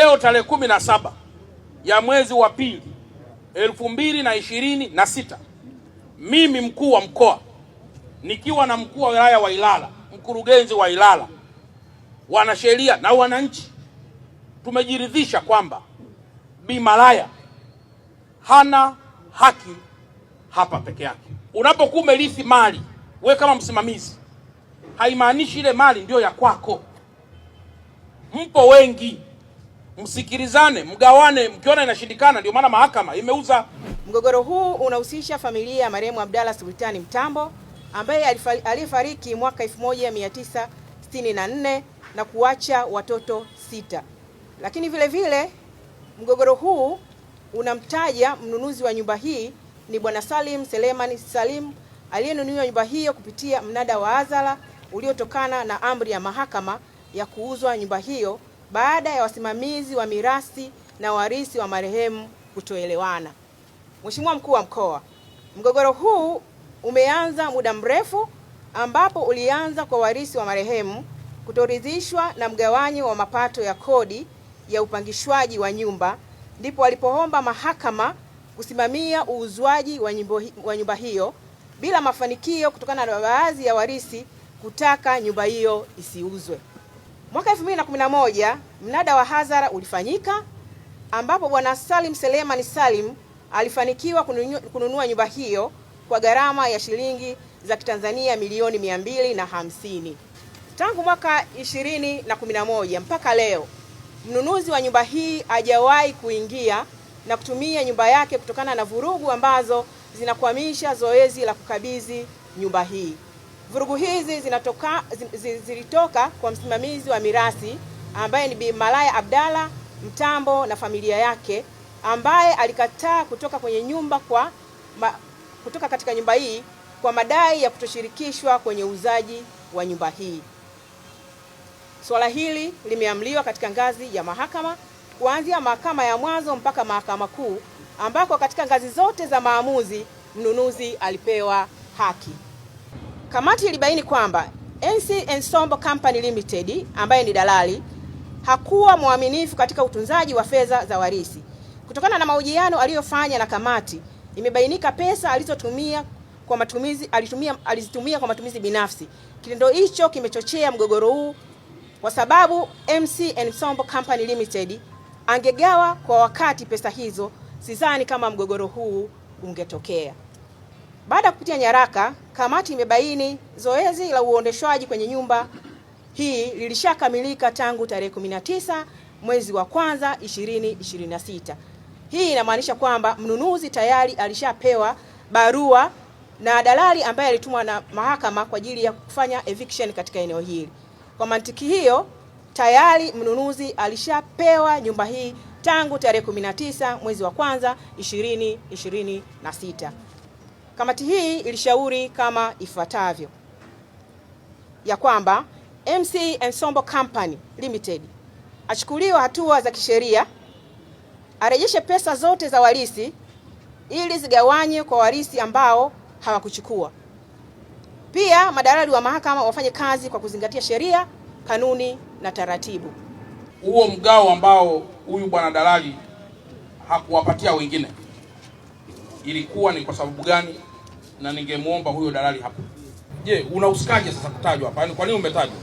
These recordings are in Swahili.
leo tarehe kumi na saba ya mwezi wa pili elfu mbili na ishirini na sita mimi mkuu wa mkoa nikiwa na mkuu wa wilaya wa Ilala, mkurugenzi wa Ilala, wanasheria na wananchi tumejiridhisha kwamba Bi Malaya hana haki hapa peke yake. Unapokuwa umerithi mali we kama msimamizi, haimaanishi ile mali ndiyo ya kwako. Mpo wengi msikilizane, mgawane, mkiona inashindikana. Ndio maana mahakama imeuza. Mgogoro huu unahusisha familia ya marehemu Abdalla Sultani Mtambo ambaye aliyefariki mwaka 1964 na kuacha watoto sita, lakini vile vile mgogoro huu unamtaja mnunuzi wa nyumba hii ni Bwana Salim Selemani Salim aliyenunua nyumba hiyo kupitia mnada wa azala uliotokana na amri ya mahakama ya kuuzwa nyumba hiyo baada ya wasimamizi wa mirathi na warisi wa marehemu kutoelewana. Mheshimiwa Mkuu wa Mkoa, mgogoro huu umeanza muda mrefu ambapo ulianza kwa warisi wa marehemu kutoridhishwa na mgawanyo wa mapato ya kodi ya upangishwaji wa nyumba, ndipo walipoomba mahakama kusimamia uuzwaji wa nyumba hiyo bila mafanikio, kutokana na baadhi ya warisi kutaka nyumba hiyo isiuzwe. Mwaka 2011 mnada wa hadhara ulifanyika ambapo Bwana Salim Selemani Salim alifanikiwa kununua nyumba hiyo kwa gharama ya shilingi za Kitanzania milioni mia mbili na hamsini. Tangu mwaka 2011 mpaka leo mnunuzi wa nyumba hii hajawahi kuingia na kutumia nyumba yake kutokana na vurugu ambazo zinakwamisha zoezi la kukabidhi nyumba hii. Vurugu hizi zinatoka, zilitoka kwa msimamizi wa mirasi ambaye ni Bi Malaya Abdalla Mtambo na familia yake ambaye alikataa kutoka kwenye nyumba kwa ma, kutoka katika nyumba hii kwa madai ya kutoshirikishwa kwenye uuzaji wa nyumba hii. swala hili limeamliwa katika ngazi ya mahakama kuanzia mahakama ya mwanzo mpaka mahakama kuu ambako katika ngazi zote za maamuzi mnunuzi alipewa haki. Kamati ilibaini kwamba NC Ensombo Company Limited ambaye ni dalali hakuwa mwaminifu katika utunzaji wa fedha za warisi. Kutokana na mahojiano aliyofanya na kamati, imebainika pesa alizotumia kwa matumizi alitumia, alizitumia kwa matumizi binafsi. Kitendo hicho kimechochea mgogoro huu kwa sababu MC Ensombo Company Limited angegawa kwa wakati pesa hizo, sidhani kama mgogoro huu ungetokea. Baada ya kupitia nyaraka kamati imebaini zoezi la uondeshwaji kwenye nyumba hii lilishakamilika tangu tarehe 19 mwezi wa kwanza 2026. Hii inamaanisha kwamba mnunuzi tayari alishapewa barua na dalali ambaye alitumwa na mahakama kwa ajili ya kufanya eviction katika eneo hili. Kwa mantiki hiyo, tayari mnunuzi alishapewa nyumba hii tangu tarehe 19 mwezi wa kwanza 2026. Kamati hii ilishauri kama ifuatavyo ya kwamba MC Ensemble Company Limited achukuliwe hatua za kisheria, arejeshe pesa zote za warisi ili zigawanye kwa warisi ambao hawakuchukua. Pia madalali wa mahakama wafanye kazi kwa kuzingatia sheria, kanuni na taratibu. Huo mgao ambao huyu bwana dalali hakuwapatia wengine ilikuwa ni kwa sababu gani? na ningemwomba huyo dalali hapo. Je, unahusikaje sasa kutajwa hapa? Yaani kwa nini umetajwa?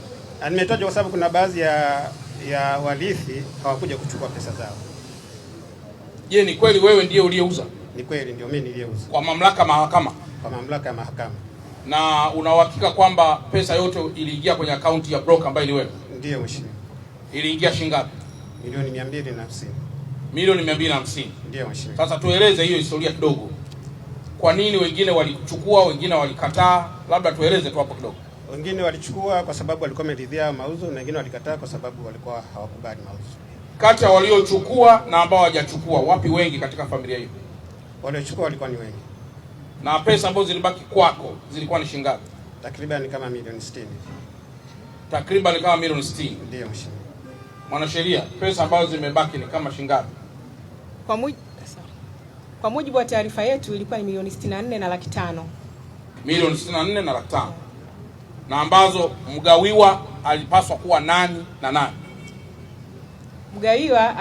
Ah, nimetajwa kwa sababu kuna baadhi ya ya warithi hawakuja kuchukua pesa zao. Je, ni kweli wewe ndiye uliyeuza? Ni kweli ndio mimi niliyeuza. Kwa mamlaka mahakama? Kwa mamlaka ya mahakama. Na unauhakika kwamba pesa yote iliingia kwenye akaunti ya broker ambaye ni wewe? Ndiyo mheshimiwa. Iliingia shilingi ngapi? Milioni 250. Milioni 250. Ndiyo mheshimiwa. Sasa tueleze hiyo historia kidogo. Kwa nini wengine walichukua, wengine walikataa? Labda tueleze tu hapo kidogo. Wengine walichukua kwa sababu walikuwa wameridhia mauzo na wengine walikataa kwa sababu walikuwa hawakubali mauzo. Kati ya waliochukua na ambao hawajachukua, wapi wengi katika familia hiyo? Waliochukua walikuwa ni wengi. Na pesa ambazo zilibaki kwako zilikuwa ni shilingi ngapi? Takriban kama milioni 60. Takriban kama milioni 60. Ndio mheshimiwa. Mwanasheria, pesa ambazo zimebaki ni kama shilingi ngapi? Kwa mujibu kwa mujibu wa taarifa yetu ilikuwa ni milioni 64 na laki tano, milioni 64 na laki tano, na ambazo mgawiwa alipaswa kuwa nani na nani? Mgawiwa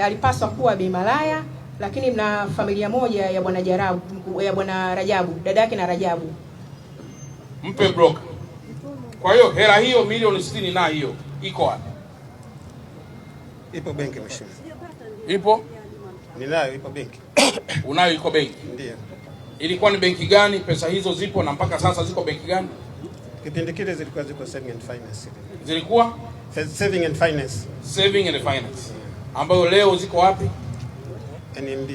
alipaswa kuwa Bi Malaya, lakini mna familia moja ya bwana Jarabu, ya bwana Rajabu, dada yake na Rajabu mpe broker. Kwa hiyo hela hiyo milioni 60 na hiyo iko wapi? Ipo benki mheshimiwa, ipo Ninayo, ipo benki. Unayo, iko benki? Ndio. Ilikuwa ni benki gani? Pesa hizo zipo na mpaka sasa ziko benki gani? Kipindi kile zilikuwa ziko saving and finance. Zilikuwa saving and finance. Saving and finance. Ambayo leo ziko wapi? NMB.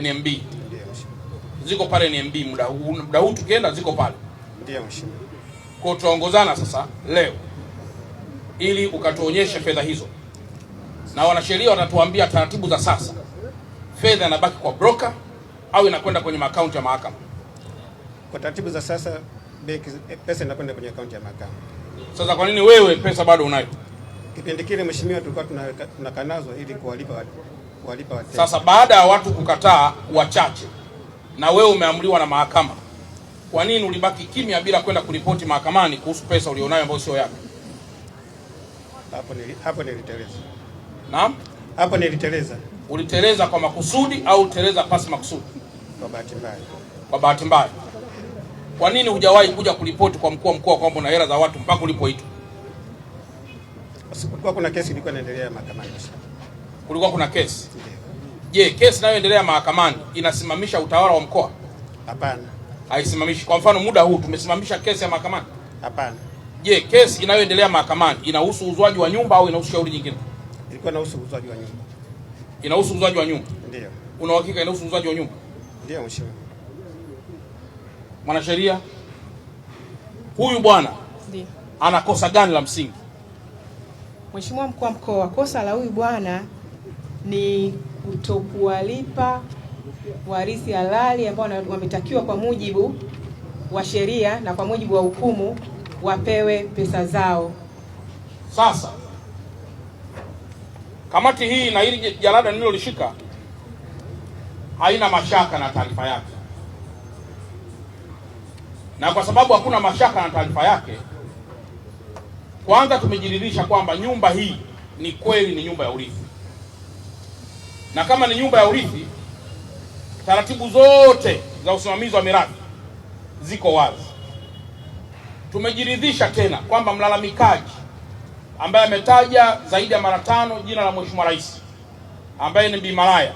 NMB. Ndio, ziko pale NMB muda huu, muda huu tukienda ziko pale. Ndio, mheshimiwa. Kwa tuongozana sasa leo ili ukatuonyeshe fedha hizo, na wanasheria watatuambia taratibu za sasa fedha inabaki kwa broker au inakwenda kwenye akaunti ya mahakama? Kwa taratibu za sasa benki, pesa inakwenda kwenye akaunti ya mahakama. Sasa kwa nini wewe pesa bado unayo? Kipindi kile mheshimiwa, tulikuwa tunakanazwa ili kuwalipa kuwalipa wateja. Sasa baada ya watu kukataa wachache na wewe umeamriwa na mahakama, kwa nini ulibaki kimya bila kwenda kuripoti mahakamani kuhusu pesa ulionayo ambayo sio yako? Hapo hapo niliteleza. Naam, hapo niliteleza uliteleza kwa makusudi au uliteleza pasi makusudi? Kwa bahati mbaya, kwa bahati mbaya. Kwa nini hujawahi kuja kulipoti kwa mkuu wa mkoa kwamba una hela za watu mpaka ulipoitwa? Kulikuwa kuna kesi ilikuwa inaendelea mahakamani, kulikuwa kuna kesi. Je, kesi inayoendelea mahakamani inasimamisha utawala wa mkoa? Hapana, haisimamishi. Kwa mfano muda huu tumesimamisha kesi ya mahakamani? Hapana. Je, kesi inayoendelea mahakamani inahusu uuzwaji wa nyumba au inahusu shauri nyingine? Ilikuwa inahusu uzwaji wa nyumba inahusu uuzaji wa nyumba. Ndio. Una uhakika inahusu uuzaji wa nyumba? Ndio, mheshimiwa. Mwanasheria, huyu bwana ndio ana kosa gani la msingi? Mheshimiwa mkuu wa mkoa, kosa la huyu bwana ni kutokuwalipa warithi halali ambao wametakiwa kwa mujibu wa sheria na kwa mujibu wa hukumu wapewe pesa zao. Sasa Kamati hii na hili jalada nililolishika haina mashaka na taarifa yake, na kwa sababu hakuna mashaka na taarifa yake, kwanza tumejiridhisha kwamba nyumba hii ni kweli ni nyumba ya urithi, na kama ni nyumba ya urithi, taratibu zote za usimamizi wa miradi ziko wazi. Tumejiridhisha tena kwamba mlalamikaji ambaye ametaja zaidi ya mara tano jina la Mheshimiwa Rais ambaye ni Bi Malaya,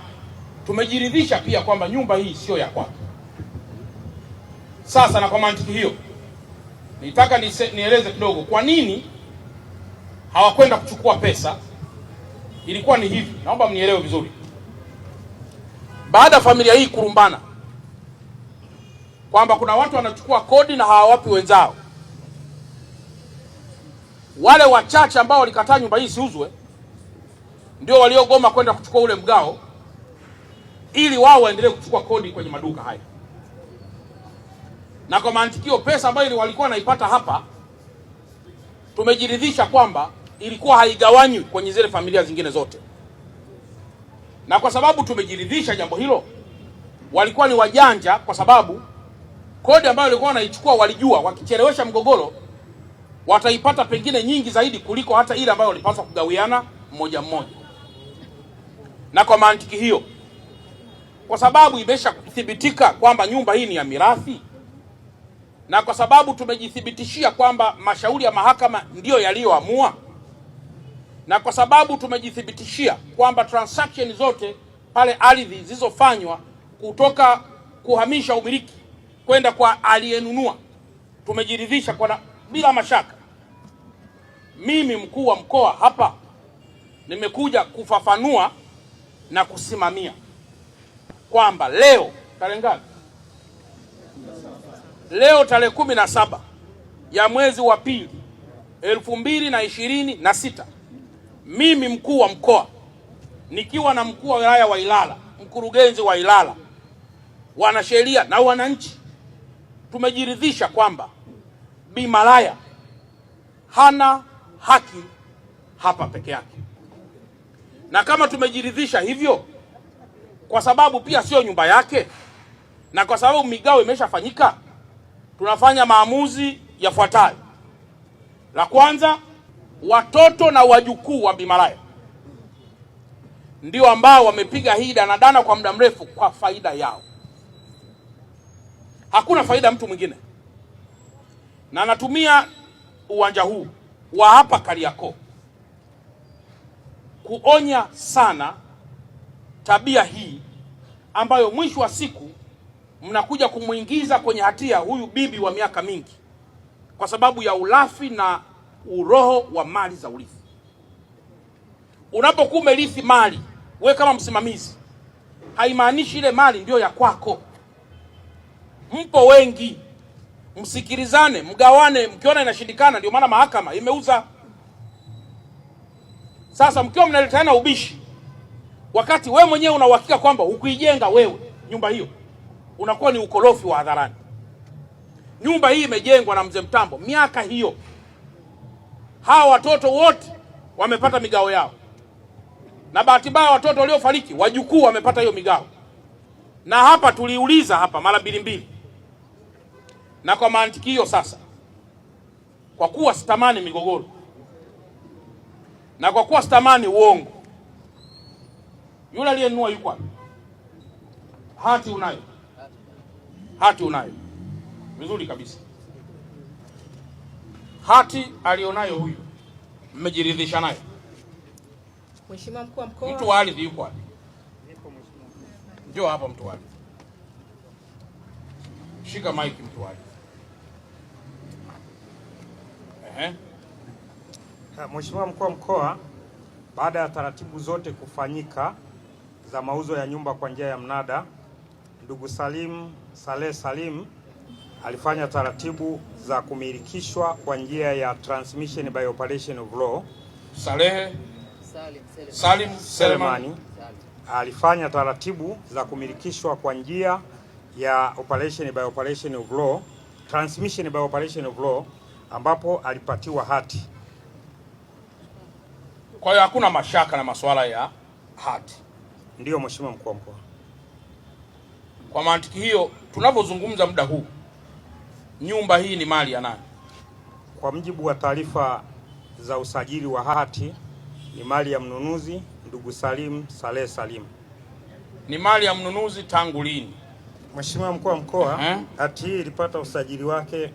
tumejiridhisha pia kwamba nyumba hii siyo ya kwake. Sasa na kwa mantiki hiyo, nitaka nieleze kidogo kwa nini hawakwenda kuchukua pesa. Ilikuwa ni hivi, naomba mnielewe vizuri. Baada ya familia hii kurumbana kwamba kuna watu wanachukua kodi na hawawapi wenzao wale wachache ambao walikataa nyumba hii siuzwe ndio waliogoma kwenda kuchukua ule mgao, ili wao waendelee kuchukua kodi kwenye maduka haya, na kwa mantikio pesa ambayo walikuwa wanaipata hapa, tumejiridhisha kwamba ilikuwa haigawanywi kwenye zile familia zingine zote, na kwa sababu tumejiridhisha jambo hilo, walikuwa ni wajanja, kwa sababu kodi ambayo walikuwa wanaichukua walijua wakichelewesha mgogoro wataipata pengine nyingi zaidi kuliko hata ile ambayo walipaswa kugawiana mmoja mmoja. Na kwa mantiki hiyo, kwa sababu imeshathibitika kwamba nyumba hii ni ya mirathi, na kwa sababu tumejithibitishia kwamba mashauri ya mahakama ndiyo yaliyoamua, na kwa sababu tumejithibitishia kwamba transaction zote pale ardhi zilizofanywa kutoka kuhamisha umiliki kwenda kwa aliyenunua tumejiridhisha kwa bila mashaka mimi mkuu wa mkoa hapa nimekuja kufafanua na kusimamia kwamba leo tarehe ngapi? Leo tarehe kumi na saba ya mwezi wa pili elfu mbili na ishirini na sita mimi mkuu wa mkoa nikiwa na mkuu wa wilaya wa Ilala, mkurugenzi wa Ilala, wanasheria na wananchi tumejiridhisha kwamba Bi Malaya hana haki hapa peke yake, na kama tumejiridhisha hivyo, kwa sababu pia sio nyumba yake na kwa sababu migao imeshafanyika, tunafanya maamuzi yafuatayo. La kwanza, watoto na wajukuu wa Bimalaya ndio ambao wamepiga hii danadana kwa muda mrefu kwa faida yao. Hakuna faida mtu mwingine, na natumia uwanja huu wa hapa Kariakoo kuonya sana tabia hii ambayo mwisho wa siku mnakuja kumwingiza kwenye hatia huyu bibi wa miaka mingi kwa sababu ya ulafi na uroho wa mali za urithi. Unapokuwa umerithi mali we kama msimamizi, haimaanishi ile mali ndiyo ya kwako. Mpo wengi msikilizane, mgawane. Mkiona inashindikana, ndio maana mahakama imeuza. Sasa mkiwa mnaleteana ubishi, wakati wewe mwenyewe unauhakika kwamba hukuijenga wewe nyumba hiyo, unakuwa ni ukorofi wa hadharani. Nyumba hii imejengwa na mzee Mtambo miaka hiyo, hawa watoto wote wamepata migao yao, na bahati mbaya watoto waliofariki wajukuu wamepata hiyo migao, na hapa tuliuliza hapa mara mbili mbili na kwa mantiki hiyo sasa, kwa kuwa sitamani migogoro na kwa kuwa sitamani uongo, yule aliyenunua yuko hapa. Hati unayo? Hati unayo? Vizuri kabisa. Hati alionayo huyu mmejiridhisha nayo? Mheshimiwa mkuu wa mkoa, mtu wa ardhi yuko wapi? Ndio hapa, mtu wa ardhi, shika mike, mtu wa ardhi. eh? Mheshimiwa mkuu wa mkoa, baada ya taratibu zote kufanyika za mauzo ya nyumba kwa njia ya mnada, ndugu Salim Saleh Salim alifanya taratibu za kumilikishwa kwa njia ya transmission by operation of law. Saleh Salim, Salim Selemani alifanya taratibu za kumilikishwa kwa njia ya operation by operation of law, transmission by operation of law ambapo alipatiwa hati. Kwa hiyo hakuna mashaka na masuala ya hati. Ndiyo, Mheshimiwa Mkuu wa Mkoa. Kwa mantiki hiyo, tunapozungumza muda huu, nyumba hii ni mali ya nani? Kwa mjibu wa taarifa za usajili wa hati, ni mali ya mnunuzi ndugu Salim Saleh Salim. Ni mali ya mnunuzi tangu lini? Mheshimiwa Mkuu wa Mkoa, eh? hati hii ilipata usajili wake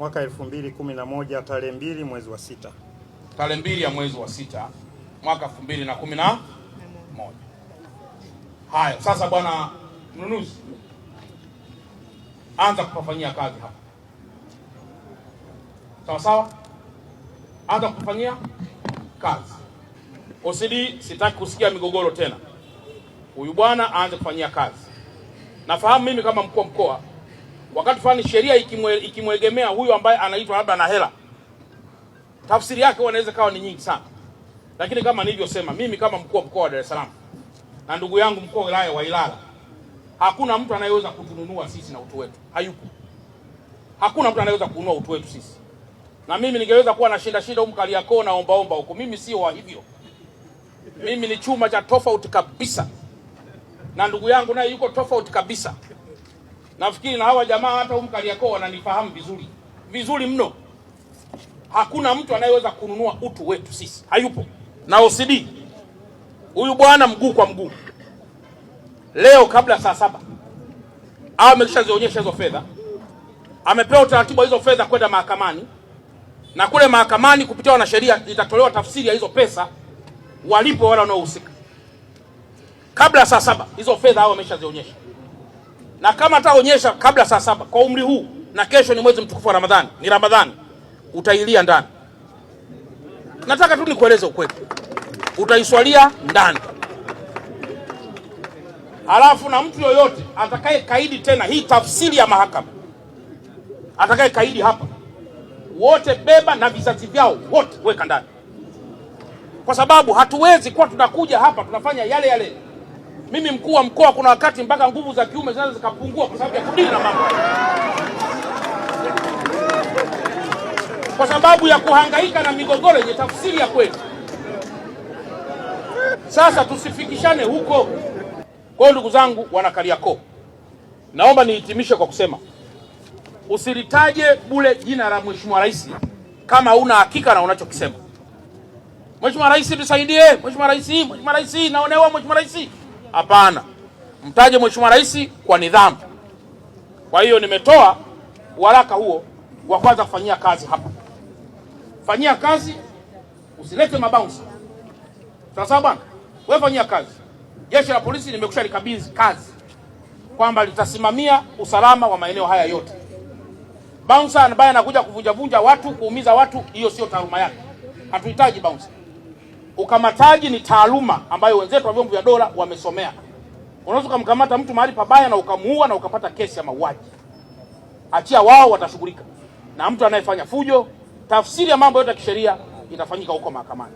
mwaka 2011 tarehe mbili mwezi wa sita tarehe mbili ya mwezi wa sita mwaka 2011. Haya, sasa bwana mnunuzi, anza kupafanyia kazi hapa, sawa sawa, anza kupafanyia kazi OCD. Sitaki kusikia migogoro tena, huyu bwana aanze kufanyia kazi. Nafahamu mimi kama mkuu wa mkoa wakati fulani sheria ikimwe, ikimwegemea huyu ambaye anaitwa labda na hela, tafsiri yake wanaweza kawa ni nyingi sana, lakini kama nilivyosema, mimi kama mkuu wa mkoa wa Dar es Salaam na ndugu yangu mkuu wa wilaya wa Ilala, hakuna mtu anayeweza kutununua sisi na utu wetu, hayupo. Hakuna mtu anayeweza kununua utu wetu sisi, na mimi ningeweza kuwa na shinda shinda huko Kariakoo na omba omba huko, mimi sio wa hivyo. Mimi ni chuma cha tofauti kabisa, na ndugu yangu naye yuko tofauti kabisa nafikiri na hawa jamaa hata huko Kariakoo wananifahamu vizuri vizuri mno. Hakuna mtu anayeweza kununua utu wetu sisi, hayupo. Na OCD huyu bwana mguu kwa mguu, leo kabla saa saba au zionyesha hizo fedha, amepewa utaratibu wa hizo fedha kwenda mahakamani, na kule mahakamani kupitia wanasheria itatolewa tafsiri ya hizo pesa, walipo wale wanaohusika. Kabla saa saba hizo fedha hao wameshazionyesha na kama ataonyesha kabla saa saba kwa umri huu, na kesho ni mwezi mtukufu wa Ramadhani, ni Ramadhani, utailia ndani. Nataka tu nikueleze ukweli, utaiswalia ndani. Halafu na mtu yoyote atakaye kaidi tena hii tafsiri ya mahakama, atakaye kaidi hapa, wote beba na vizazi vyao wote, weka ndani, kwa sababu hatuwezi kuwa tunakuja hapa tunafanya yale yale mimi mkuu wa mkoa, kuna wakati mpaka nguvu za kiume zinaweza zikapungua kwa sababu ya kudili na mambo, kwa sababu ya kuhangaika na migogoro yenye tafsiri ya kweli. Sasa tusifikishane huko. Kwa hiyo ndugu zangu, wana Kariakoo, naomba nihitimishe kwa kusema usilitaje bure jina la mheshimiwa rais kama una hakika na unachokisema. Mheshimiwa Rais tusaidie, Mheshimiwa Rais, Mheshimiwa Rais, naonewa Mheshimiwa Rais. Hapana, mtaje mheshimiwa rais kwa nidhamu. Kwa hiyo nimetoa waraka huo wa kwanza kufanyia kazi hapa. Fanyia kazi, usilete mabounce. Sasa bwana, wewe fanyia kazi. Jeshi la polisi limekusha likabidhi kazi kwamba litasimamia usalama wa maeneo haya yote. Bouncer ambaye anakuja kuvunjavunja watu, kuumiza watu, hiyo sio taaluma yake. Hatuhitaji bouncer. Ukamataji ni taaluma ambayo wenzetu wa vyombo vya dola wamesomea. Unaweza ukamkamata mtu mahali pabaya na ukamuua na ukapata kesi ya mauaji, achia wao watashughulika na mtu anayefanya fujo. Tafsiri ya mambo yote ya kisheria itafanyika huko mahakamani.